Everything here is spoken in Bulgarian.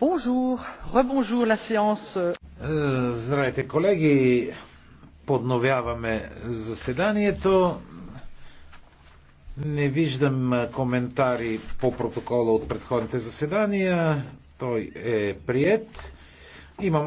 Bonjour, rebonjour la séance. Е, здравейте, колеги. Подновяваме заседанието. Не виждам е, коментари по протокола от предходните заседания. Той е прият. Имам